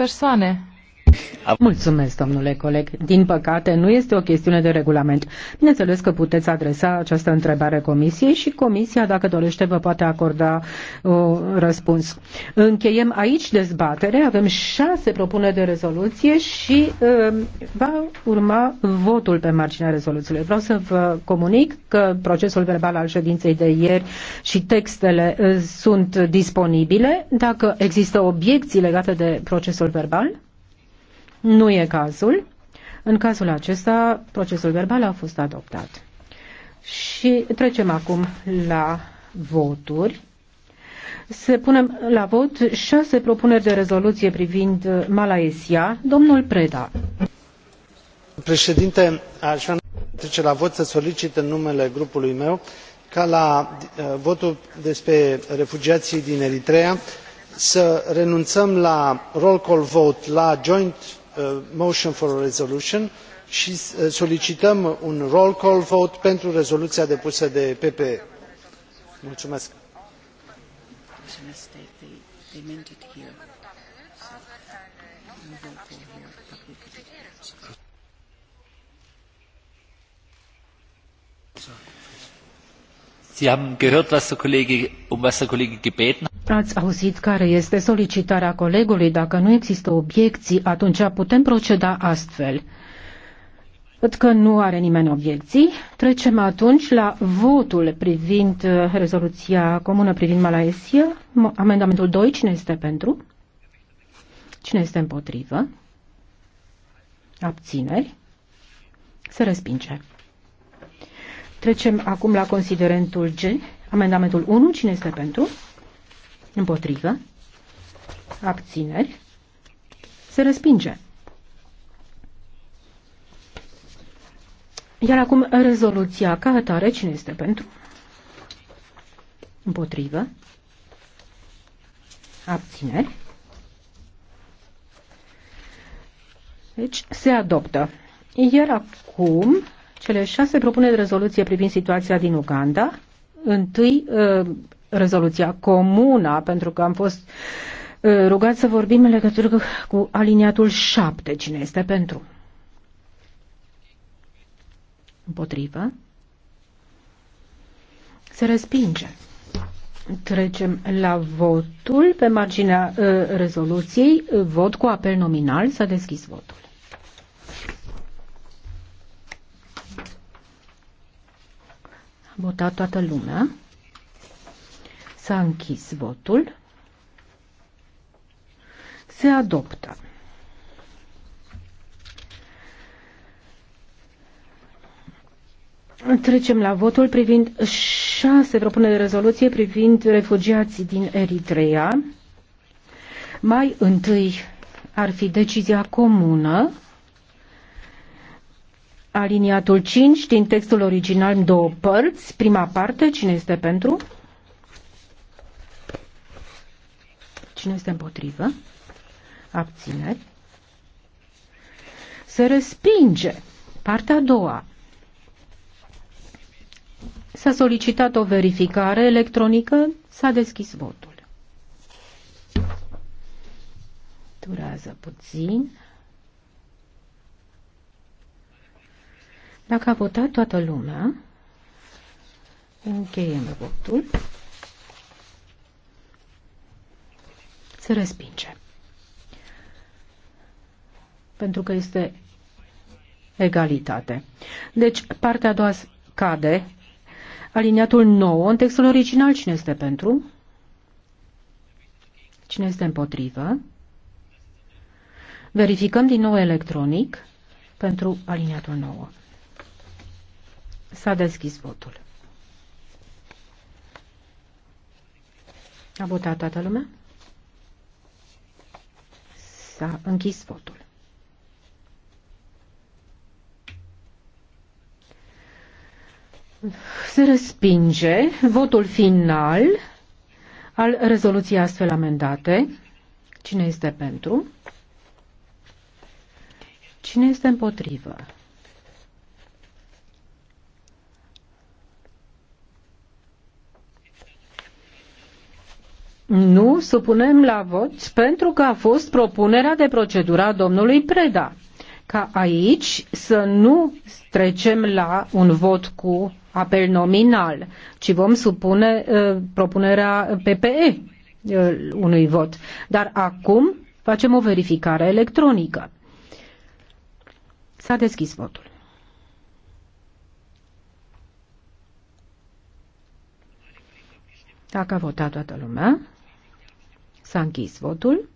persoane Mulțumesc, domnule coleg. Din păcate, nu este o chestiune de regulament. Bineînțeles că puteți adresa această întrebare comisiei și comisia, dacă dorește, vă poate acorda un uh, răspuns. Încheiem aici dezbatere. Avem șase propuneri de rezoluție și uh, va urma votul pe marginea rezoluțiilor. Vreau să vă comunic că procesul verbal al ședinței de ieri și textele uh, sunt disponibile. Dacă există obiecții legate de procesul verbal, nu e cazul. În cazul acesta, procesul verbal a fost adoptat. Și trecem acum la voturi. Se punem la vot șase propuneri de rezoluție privind uh, Malaesia. Domnul Preda. Președinte, aș vrea trece la vot să solicit în numele grupului meu ca la uh, votul despre refugiații din Eritrea să renunțăm la roll call vote la joint Uh, motion for a resolution și uh, solicităm un roll call vote pentru rezoluția depusă de ppe. Mulțumesc. sie haben gehört was der kollege um gebeten hat. Ați auzit care este solicitarea colegului. Dacă nu există obiecții, atunci putem proceda astfel. Văd că nu are nimeni obiecții. Trecem atunci la votul privind uh, rezoluția comună privind Malaesia. Amendamentul 2. Cine este pentru? Cine este împotrivă? Abțineri? Se respinge. Trecem acum la considerentul G. Amendamentul 1. Cine este pentru? Împotrivă. Abțineri. Se respinge. Iar acum rezoluția ca atare, cine este pentru? Împotrivă. Abțineri. Deci se adoptă. Iar acum cele șase propuneri de rezoluție privind situația din Uganda. Întâi uh, rezoluția comună, pentru că am fost uh, rugat să vorbim în legătură cu aliniatul 7. Cine este pentru? Împotrivă. Se respinge. Trecem la votul pe marginea uh, rezoluției. Vot cu apel nominal. S-a deschis votul. A votat toată lumea. S-a închis votul. Se adoptă. Trecem la votul privind șase propuneri de rezoluție privind refugiații din Eritrea. Mai întâi ar fi decizia comună, aliniatul 5 din textul original în două părți. Prima parte, cine este pentru? Cine este împotrivă? Abțineri. Se respinge. Partea a doua. S-a solicitat o verificare electronică, s-a deschis votul. Durează puțin. Dacă a votat toată lumea, încheiem votul. se respinge. Pentru că este egalitate. Deci, partea a doua cade. Aliniatul 9, în textul original, cine este pentru? Cine este împotrivă? Verificăm din nou electronic pentru aliniatul 9. S-a deschis votul. A votat toată lumea? S-a închis votul. Se respinge votul final al rezoluției astfel amendate. Cine este pentru? Cine este împotrivă? Nu supunem la vot pentru că a fost propunerea de procedură domnului Preda ca aici să nu trecem la un vot cu apel nominal, ci vom supune uh, propunerea PPE uh, unui vot. Dar acum facem o verificare electronică. S-a deschis votul. Dacă a votat toată lumea, S-a închis votul.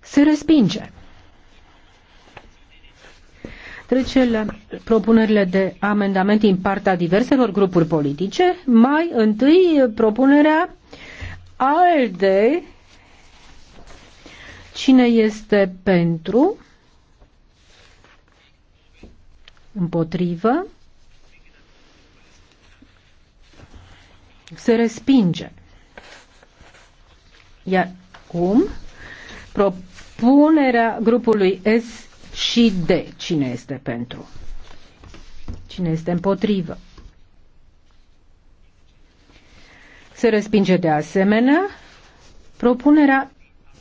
Se respinge. Trece la propunerile de amendament din partea diverselor grupuri politice. Mai întâi propunerea ALDE. Cine este pentru? Împotrivă? se respinge. Iar cum? Propunerea grupului S și D. Cine este pentru? Cine este împotrivă? Se respinge de asemenea propunerea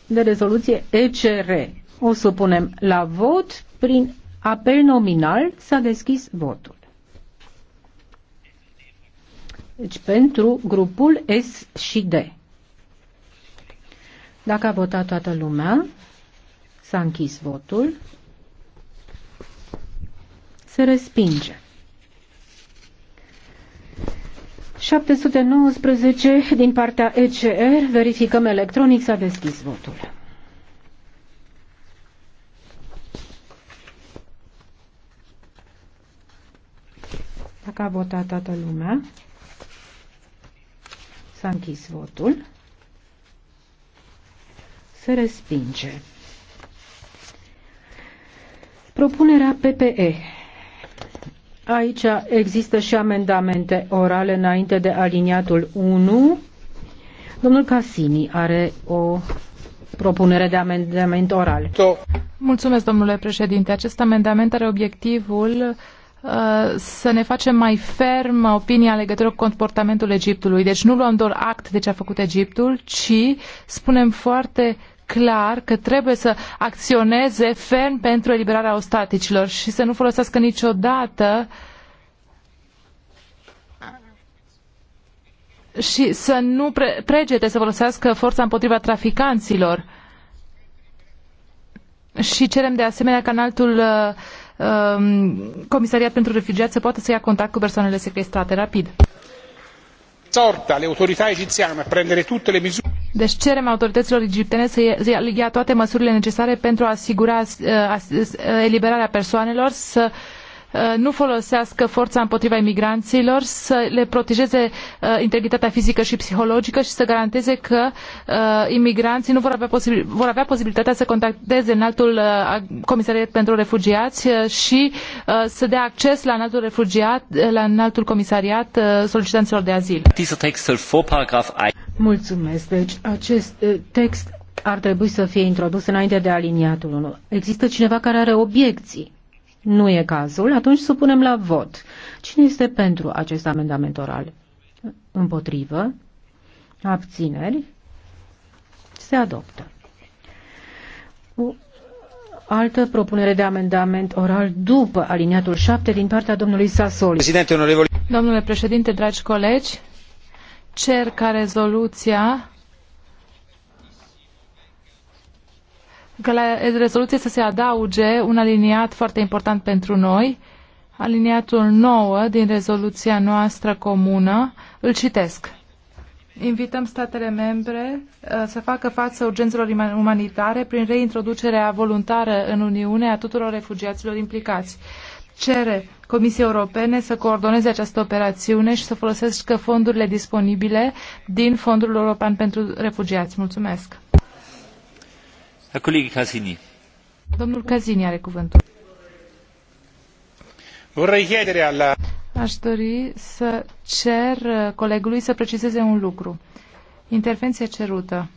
de rezoluție ECR. O supunem la vot prin apel nominal. S-a deschis votul. Deci pentru grupul S și D. Dacă a votat toată lumea, s-a închis votul, se respinge. 719 din partea ECR, verificăm electronic, s-a deschis votul. Dacă a votat toată lumea, S-a închis votul. Se respinge. Propunerea PPE. Aici există și amendamente orale înainte de aliniatul 1. Domnul Casini are o propunere de amendament oral. Mulțumesc, domnule președinte. Acest amendament are obiectivul Uh, să ne facem mai ferm opinia legătură cu comportamentul Egiptului. Deci nu luăm doar act de ce a făcut Egiptul, ci spunem foarte clar că trebuie să acționeze ferm pentru eliberarea ostaticilor și să nu folosească niciodată și să nu pre- pregete să folosească forța împotriva traficanților. Și cerem de asemenea ca uh, Um, Comisariat pentru Refugiați să poată să ia contact cu persoanele sequestrate rapid. Sorta le autorità egiziane a prendere tutte le misure deci cerem autorităților egiptene să ia toate măsurile necesare pentru a asigura uh, uh, eliberarea persoanelor, să Uh, nu folosească forța împotriva imigranților, să le protejeze uh, integritatea fizică și psihologică și să garanteze că uh, imigranții nu vor avea, posibil, vor avea posibilitatea să contacteze înaltul comisariat pentru refugiați și să dea acces la înaltul refugiat, la înaltul comisariat solicitanților de azil. Mulțumesc. Deci acest text ar trebui să fie introdus înainte de aliniatul 1. Există cineva care are obiecții? Nu e cazul, atunci supunem la vot. Cine este pentru acest amendament oral? Împotrivă? Abțineri? Se adoptă. O altă propunere de amendament oral după aliniatul 7 din partea domnului Sasoli. Președinte, Domnule președinte, dragi colegi, cer ca rezoluția că la rezoluție să se adauge un aliniat foarte important pentru noi, aliniatul 9 din rezoluția noastră comună. Îl citesc. Invităm statele membre uh, să facă față urgențelor umanitare prin reintroducerea voluntară în Uniune a tuturor refugiaților implicați. Cere Comisiei Europene să coordoneze această operațiune și să folosească fondurile disponibile din Fondul European pentru Refugiați. Mulțumesc! Domnul are cuvântul. Aș dori să cer uh, colegului să precizeze un lucru. Intervenție cerută,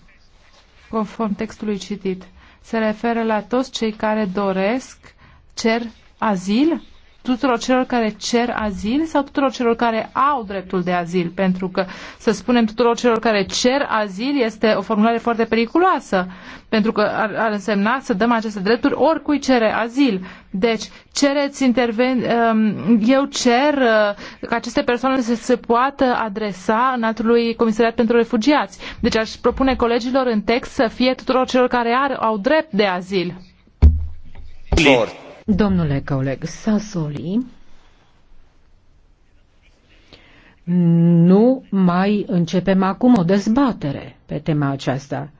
conform textului citit, se referă la toți cei care doresc, cer azil tuturor celor care cer azil sau tuturor celor care au dreptul de azil? Pentru că, să spunem, tuturor celor care cer azil este o formulare foarte periculoasă, pentru că ar, ar însemna să dăm aceste drepturi oricui cere azil. Deci, cereți interven... Um, eu cer uh, ca aceste persoane să se poată adresa în altului comisariat pentru refugiați. Deci aș propune colegilor în text să fie tuturor celor care ar, au drept de azil. Lord. Domnule coleg Sasoli, nu mai începem acum o dezbatere pe tema aceasta.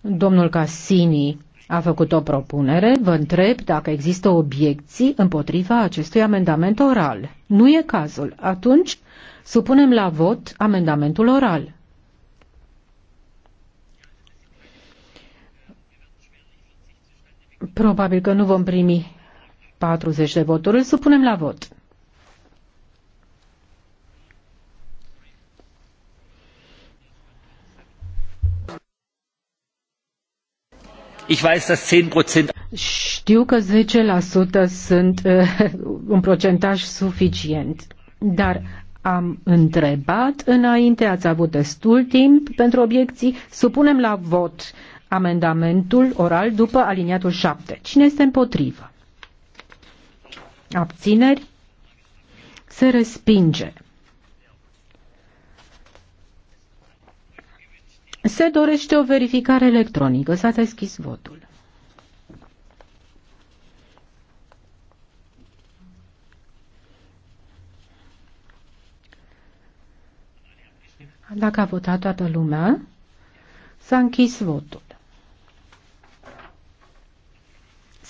Domnul Cassini a făcut o propunere, vă întreb dacă există obiecții împotriva acestui amendament oral. Nu e cazul. Atunci supunem la vot amendamentul oral. Probabil că nu vom primi 40 de voturi. Îl supunem la vot. Ich weiß, dass 10 Știu că 10% sunt uh, un procentaj suficient, dar am întrebat înainte, ați avut destul timp pentru obiecții, supunem la vot amendamentul oral după aliniatul 7. Cine este împotrivă? Abțineri? Se respinge. Se dorește o verificare electronică. S-a deschis votul. Dacă a votat toată lumea, s-a închis votul.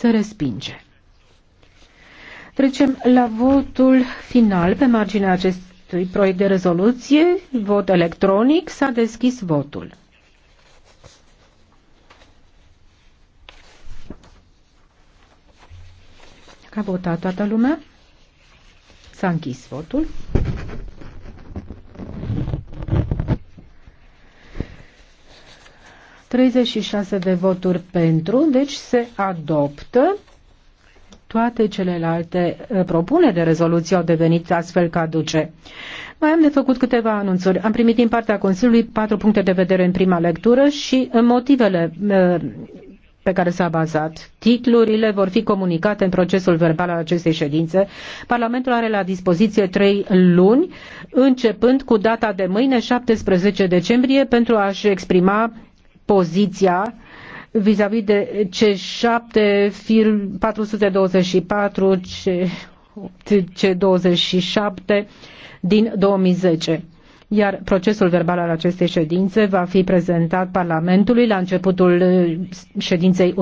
se respinge. Trecem la votul final pe marginea acestui proiect de rezoluție. Vot electronic. S-a deschis votul. A votat toată lumea? S-a închis votul. 36 de voturi pentru, deci se adoptă. Toate celelalte eh, propuneri de rezoluție au devenit astfel caduce. Mai am de făcut câteva anunțuri. Am primit din partea Consiliului patru puncte de vedere în prima lectură și eh, motivele eh, pe care s-a bazat. Titlurile vor fi comunicate în procesul verbal al acestei ședințe. Parlamentul are la dispoziție trei luni, începând cu data de mâine, 17 decembrie, pentru a-și exprima poziția vis-a-vis -vis de C7, fir 424, C27 din 2010 iar procesul verbal al acestei ședințe va fi prezentat Parlamentului la începutul eh, ședinței